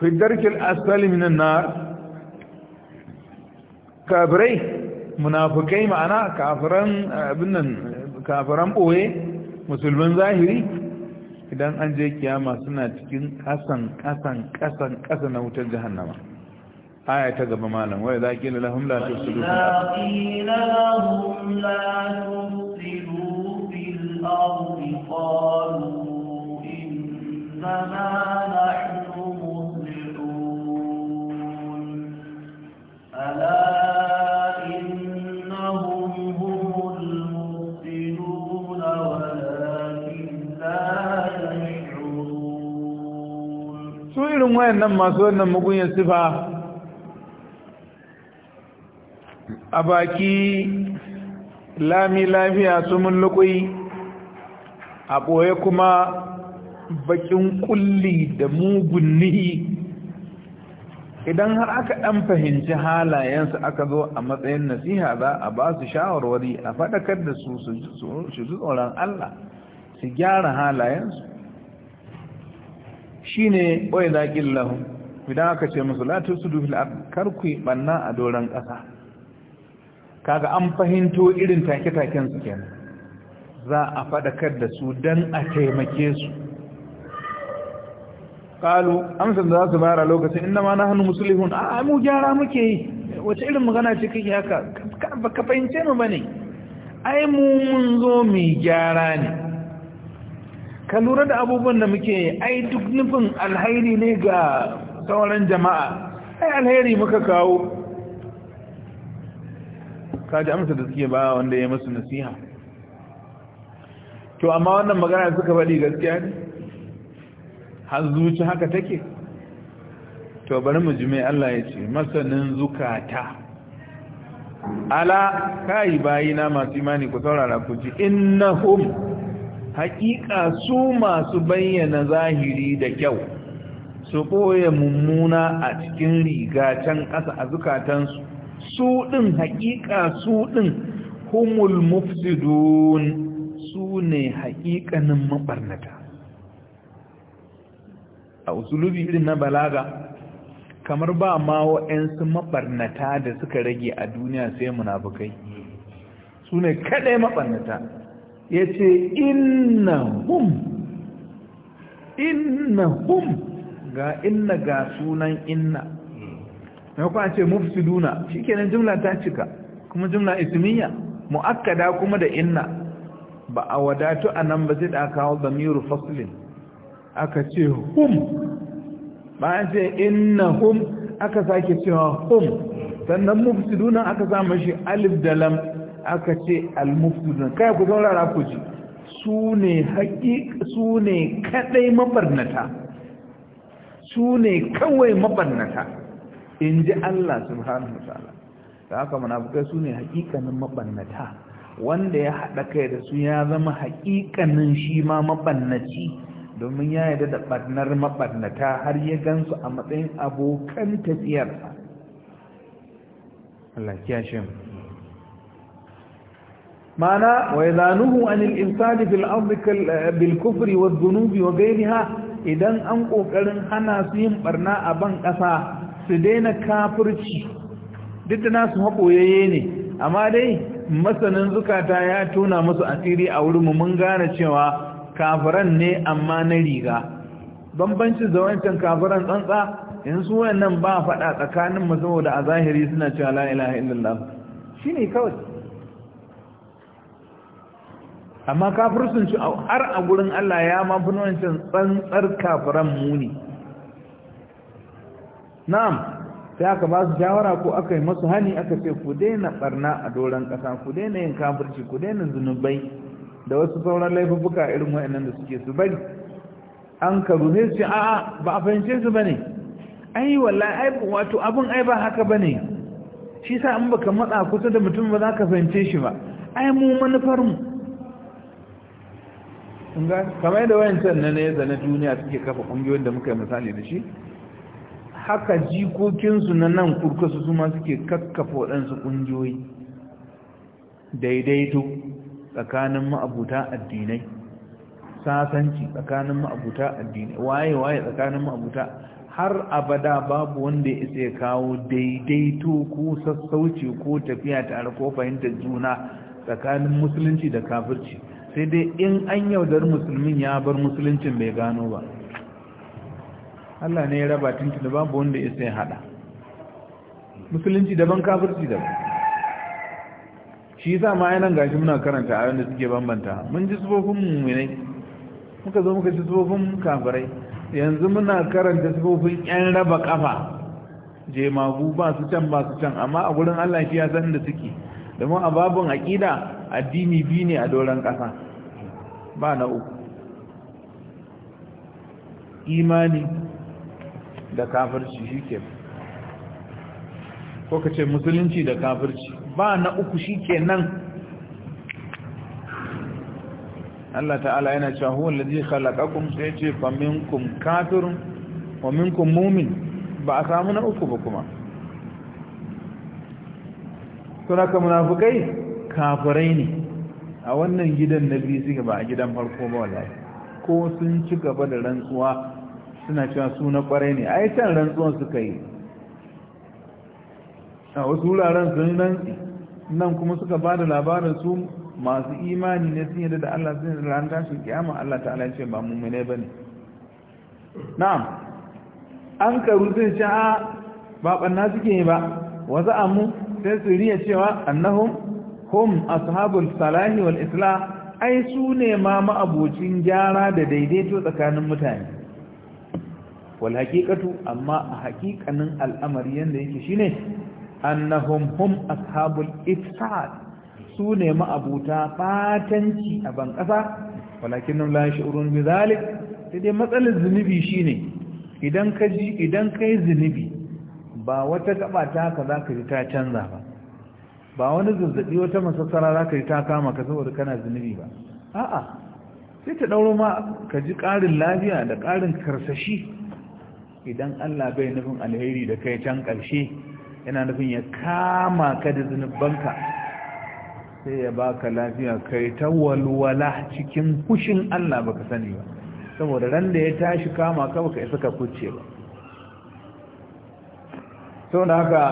fi darkil asali minan nar kafirai munafukai ma'ana kafiran abin nan kafiran boye musulmin zahiri idan an je kiyama suna cikin kasan kasan kasan kasa na wutar jahannama aya ta gaba malam wai za ki lahum la tusilu
fil ardi qalu
nan masu wannan mugunyan sifa a baki lami lafiya su mun a ɓoye kuma bakin kulli da mugun nihi idan har aka ɗan fahimci halayensu aka zo a matsayin nasiha za a ba su shawarwari a faɗakar da su su tsoron Allah su gyara halayensu Shi ne ɓoye zaƙin lahu idan aka ce musu la su dufi ard kar ɓanna banna a doron ƙasa. kaga an fahimto irin take-taken su kenan za a fadakar da su dan a taimake su qalu amsan za su bara lokacin inna ma hannu muslihun a mu gyara muke yi wace irin magana ce kake haka ka fahimce mu ba ne. ai mu mun zo mu gyara ne ka lura da abubuwan da muke ai duk nufin alhairi ne ga sauran jama'a ai alhairi muka kawo Ka ji amsa da suke ba wanda ya masu nasiha to amma wannan magana suka faɗi gaskiya ne har zuci haka take to bari mu ji mai Allah ya ce masanin zukata ala kai bayina masu imani ku saurara ku ji innahum haƙiƙa su masu bayyana zahiri da kyau su ɓoye mummuna a cikin riga can ƙasa a zukatansu su ɗin haƙiƙa su ɗin humul mufsidun su ne haƙiƙanin maɓarnata a usulubi irin na balaga kamar ba ma wa'yansu maɓarnata da suka rage a duniya sai munafukai su ne kaɗai maɓarnata ya ce inna hum, ga inna ga sunan inna na kuma ce mufsiduna shi kenan jimla ta cika kuma jimla ismiya mu'akkada kuma da inna ba a wadatu a nan ba zai da kawo zamiru faslin aka ce hum ba ce inna hum, aka sake cewa hum sannan mufsiduna aka samu shi alif da lam aka ce almufsidun kai ku ra ku ji su ne haƙiƙa su ne kadai mabarnata su ne kawai mabarnata in ji Allah subhanahu wa ta'ala da haka munafikai su ne haƙiƙanin mabarnata wanda ya haɗa kai da su ya zama haƙiƙanin shi ma mabarnaci domin ya yarda da ɓarnar mabarnata har ya gansu a matsayin abokan tafiyarsa Allah kiyashin mu معنى وإذا نهوا عن الإفساد wa الأرض idan an kokarin hana su yin barna a ban أبن su daina كافرشي duk nasu haƙoyayye ne amma dai masanin zukata ya tona musu asiri a wurin mun gane cewa kafiran ne amma na riga bambancin da wancan kafiran tsantsa in su wayannan ba faɗa tsakanin mu saboda a zahiri suna cewa la ilaha illallah shine kawai amma sun ci har a gurin Allah ya mafi wancan tsantsar kafiran muni na'am sai aka ba su shawara ko aka yi masu hani aka ce ku daina barna a doron ƙasa ku daina yin kafirci ku daina zunubai da wasu sauran laifuka irin wa'annan da suke su bari an karu sai su a'a ba a fahimce su bane ai wallahi ai wato abun ai ba haka bane shi sa an baka matsa kusa da mutum ba za ka fahimce shi ba ai mu manufar mu kamar yadda wayancan na nesa na duniya suke kafa kungiyoyin da muka yi misali da shi haka jikokinsu na nan kurkusa su ma suke kakkafa waɗansu kungiyoyi daidaito tsakanin ma'abuta addinai sasanci tsakanin ma'abuta addinai waye-waye tsakanin ma'abuta har abada babu wanda ya isa ya kawo daidaito ko sassauci ko tafiya tare ko fahimtar juna tsakanin musulunci da kafirci sai dai in an yaudar musulmin ya bar musuluncin bai gano ba Allah ne ya raba tinta da babu wanda ya sai hada musulunci daban kafirci daban shi yasa ma yanan gashi muna karanta a da suke bambanta mun ji sufofin mu'minai muka zo muka ji sufofin kafirai yanzu muna karanta sufofin yan raba kafa jemagu ba su can ba su can amma a gurin Allah shi ya san da suke domin a babun aƙida addini biyu ne a doron ƙasa ba na uku imani da kafirci shi ke ko ka ce musulunci da kafirci ba na uku shi ke nan Allah ta'ala yana cewa huwa allazi khalaqakum sai ce fa minkum kafirun wa minkum mu'min ba a samu na uku ba kuma suna ka munafukai kafirai ne a wannan gidan na biyu suke ba a gidan farko ba wallahi ko sun ci gaba da rantsuwa suna cewa su na kwarai ne a yi can rantsuwan suka yi a wasu wuraren sun rantsi nan kuma suka ba da labarin su masu imani ne sun yadda da Allah sun yadda ran tashin kiyama Allah ta'ala ya ce ba ba ne na'am an karu sun sha ba ɓanna suke yi ba wasu amu sai su riya cewa annahum hum ashabul salahi wal islah ai su ne ma ma'abocin gyara da daidaito tsakanin mutane wal haqiqatu amma a haqiqanin al'amari yanda yake shine annahum hum ashabul ifsad su ne ma'abuta fatanci a ban kasa walakin la yash'urun bi zalik dai matsalar zunubi shine idan ka idan kai zunubi ba wata gaba ta ka zaka ji ta canza ba ba wani zazzabi wata masassara za ka yi ta kama ka saboda kana zunubi ba a'a sai ta ɗauro ma ka ji ƙarin lafiya da ƙarin karsashi idan allah bai nufin alheri da kai can ƙarshe yana nufin ya kama ka da zunubanka sai ya baka lafiya kai ta walwala cikin kushin allah baka sani ba saboda ran da ya tashi kama ka baka isa ka kuce ba saboda haka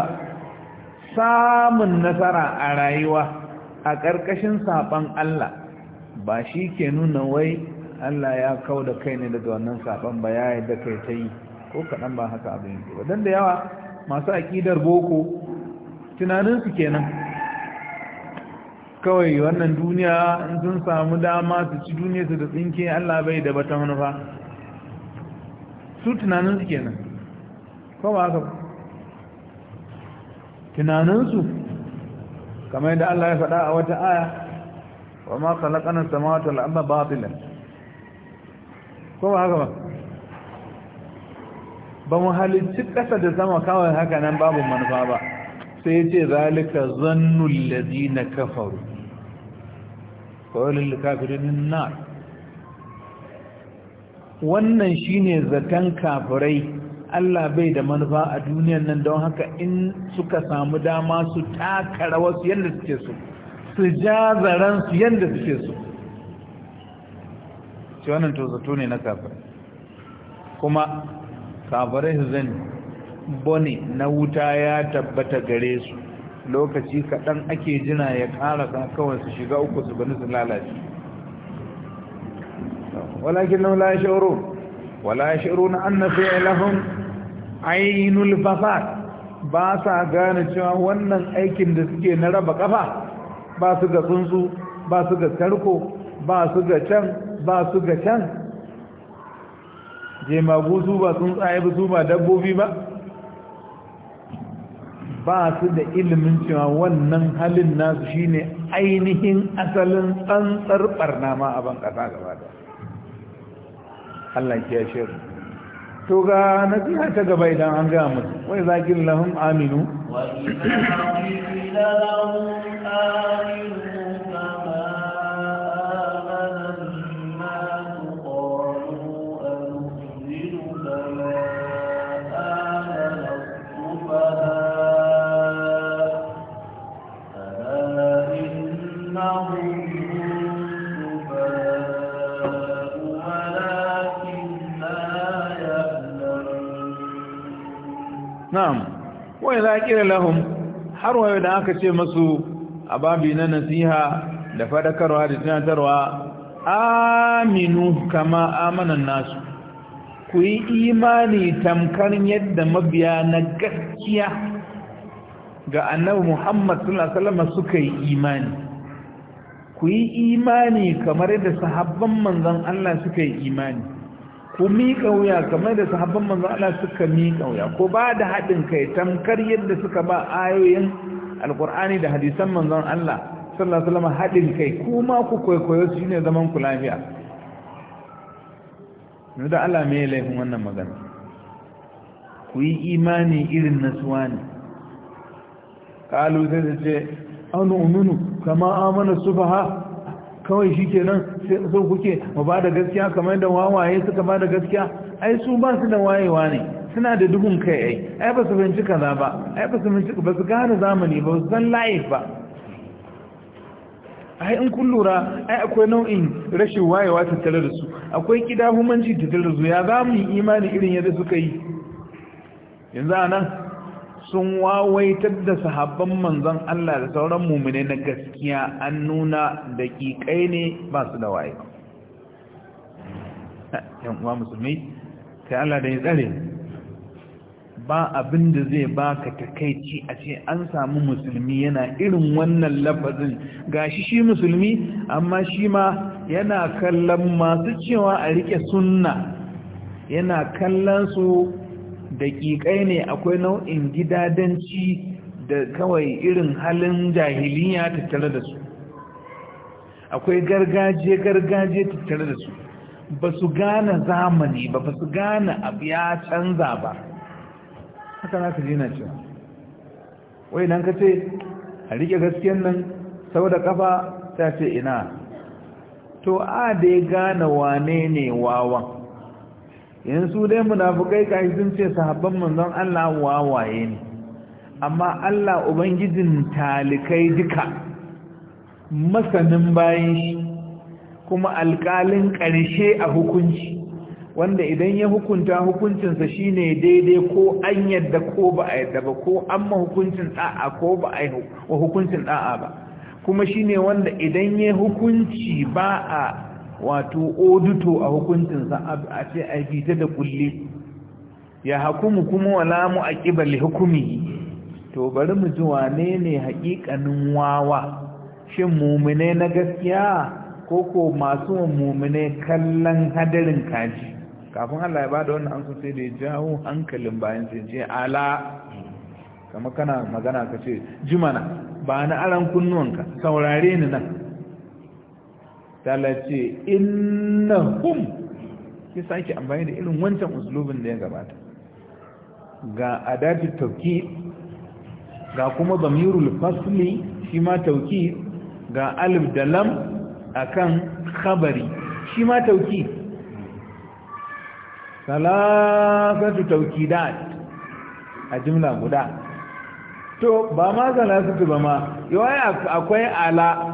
samun nasara a rayuwa a ƙarƙashin saɓon Allah ba shi ke nuna wai Allah ya kau da kai ne daga wannan saɓon ba ya da kai ta yi ko kaɗan ba haka abin yake ba don da yawa masu aƙidar boko tunaninsu kenan kawai wannan duniya in sun samu dama su ci duniya su da tsinke Allah bai da wani manufa su tunaninsu kenan ko ba haka tunaninsu kamar yadda Allah ya faɗa a wata aya wa ma khalaqana samawati wal arda batilan ko ba haka ba ba mu halicci ƙasa da sama kawai haka nan babu manufa ba sai yace zalika zannu alladhina kafaru qawlul kafirin nar wannan shine zatan kafirai Allah bai da manufa a duniyan nan don haka in suka samu dama su taka su yadda suke so su ja su yadda suke so ce wannan tozato ne na kafirai kuma kafirai su boni na wuta ya tabbata gare su lokaci kaɗan ake jina ya ƙara kawai su shiga uku su bani su lalace walakin nan la ya wala ya na an na ainul fasad ba sa gane cewa wannan aikin da suke na raba kafa ba su ga tsuntsu ba su ga tarko ba su ga can ba su ga can jemagu su ba tsaye ba su ba dabbobi ba ba su da ilimin cewa wannan halin nasu shine ainihin asalin tsantsar barna a ban kasa gaba da Allah ya shirin to ga nasiha ta gaba idan an gaya musu wai zakin lahum aminu wa
idan lahum aminu
na'am wai za kira lahum har wayo da aka ce masu ababi na nasiha da fadakarwa da tunatarwa aminu kama amanan nasu ku yi imani tamkar yadda mabiya na gaskiya ga annabi Muhammad sallallahu alaihi suka yi imani ku yi imani kamar yadda sahabban manzon Allah suka yi imani ku miƙa wuya kamar da sahabban manzo Allah suka miƙa wuya ko ba da haɗin kai tamkar yadda suka ba ayoyin alkur'ani da hadisan manzon Allah sallallahu alaihi wasallam haɗin kai kuma ku koyo shi ne zaman ku lafiya ne da Allah mai laifin wannan magana ku yi imani irin nasuwa ne kalu sai ce an uminu kama amana sufaha kawai shi kenan sai su kuke ma ba da gaskiya kamar da wawaye suka ba da gaskiya ai su ba su da wayewa ne suna da duhun kai ai ai ba su binci kaza ba ai ba su binci ba su gane zamani ba su san la'if ba ai in kun lura ai akwai nau'in rashin wayewa tattare da su akwai kidahumanci tattare da su ya za mu yi imani irin yadda suka yi yanzu anan. sun wawaitar da sahabban manzon Allah da sauran mumine na gaskiya an nuna daƙiƙai ne ba su da waye yan uwa musulmi sai Allah da ya tsare ba abin da zai baka takaici a ce an samu musulmi yana irin wannan lafazin gashi shi musulmi amma shi ma yana kallon masu cewa a rike sunna yana kallon su daƙiƙai ne akwai nau'in gidadanci da kawai irin halin jahiliya tattare da su akwai gargaje-gargaje tattare da su ba su gane zamani ba ba su gane abu ya canza ba haka na ka na cewa wai nan ka ce a rike gaskiyan nan sau kafa ta ce ina to a da ya gane wane ne wawan yanzu dai munafukai kai sun ce sahabban manzon Allah wawaye ne amma Allah ubangijin talikai duka masanin bayan shi kuma alkalin ƙarshe a hukunci wanda idan ya hukunta hukuncinsa shine daidai ko an yadda ko ba a yadda ba ko an ma hukuncin da'a ko ba a yi hukuncin da'a ba kuma shine wanda idan ya hukunci ba a wato oduto a hukuncinsa a ce a fita da kulle ya hakumu kuma wala mu a ƙibali hukumi to bari mu ji wane ne haƙiƙanin wawa shin mumune na gaskiya ko ko masu mumune kallon hadarin kaji kafin Allah ya bada wannan amsa sai da ya jawo hankalin bayan sai je ala kamar kana magana ka ce jimana ba na aran kunnuwanka saurare ni nan talace hum ki sake amfani da irin wancan uslubin da ya gabata ga adabi tauki ga kuma zamirul fasli shi ma tauki ga alif da lam akan khabari shi ma tauki salasatu taukidat a jimla guda to ba ma salasatu ba ma yawai akwai ala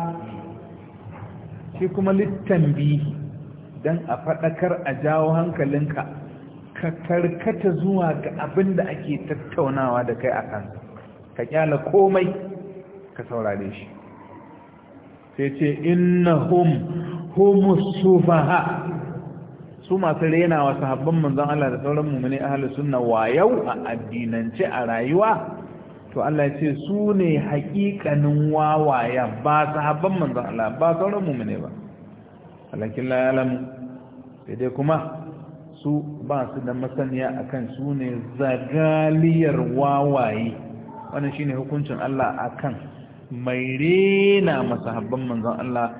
shi kuma biyu don a faɗakar a jawo hankalinka ka karkata zuwa ga abin da ake tattaunawa da kai a kansa ka kyala komai ka saurare shi sai ce innahum humus sufaha su masu renawa sahabban manzan Allah da sauran mummuni a sunna wa yau a addinance a rayuwa to Allah ya ce su ne haƙiƙanin wawaya ba sahabban manzan Allah ba sauran mummune ba alakin la ya'lamu sai dai kuma su ba su da masaniya akan su ne zagaliyar wawaye wannan shine hukuncin Allah akan mai rena masahabban manzon Allah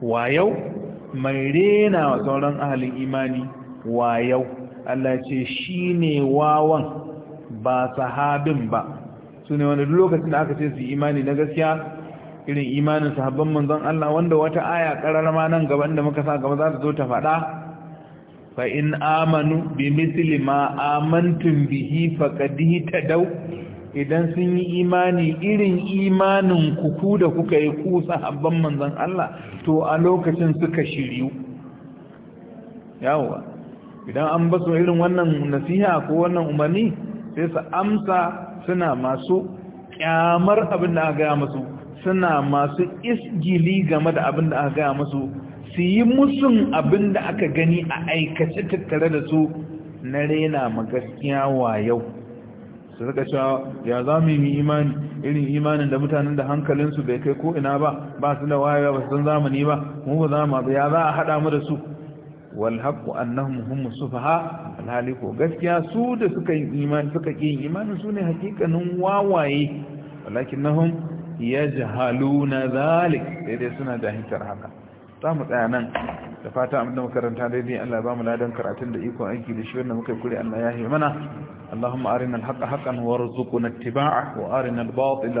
wayau mai rena wa sauran ahalin imani wayau Allah ce shine wawan ba sahabin ba su ne wanda lokacin da aka ce su imani na gaskiya irin imanin sahabban manzon Allah wanda wata aya ma nan gaban da muka sa gaba za ta zo ta faɗa fa in amanu bi misli ma amantum bihi faqad tadaw idan sun yi imani irin imanin kuku da kuka yi ku sahabban manzon Allah to a lokacin suka shiryu yawa idan an basu irin wannan nasiha ko wannan umarni sai su amsa suna masu kyamar abin da aka gaya masu suna masu isgili game da abin da aka gaya masu su yi musun abin da aka gani a aikace tattare da su na rena magaskiya wa yau su rika cewa ya za mu yi imani irin imanin da mutanen da hankalinsu bai kai ko ina ba ba su da wayewa ba su san zamani ba mu ba za mu ya za a haɗa mu da su Walhaku haqqu annahum sufaha alhali ko gaskiya su da suka yi imani suka ki imani su ne hakikanin wawaye walakinnahum na zalik daidai dai suna jahintar haka za mu tsaya nan da fata abin da makaranta daidai Allah ba mu ladan karatun da ikon aiki da shi wanda muka kure Allah ya yi mana Allahumma arina al-haqqa haqqan warzuqna ittiba'a wa arina al-batila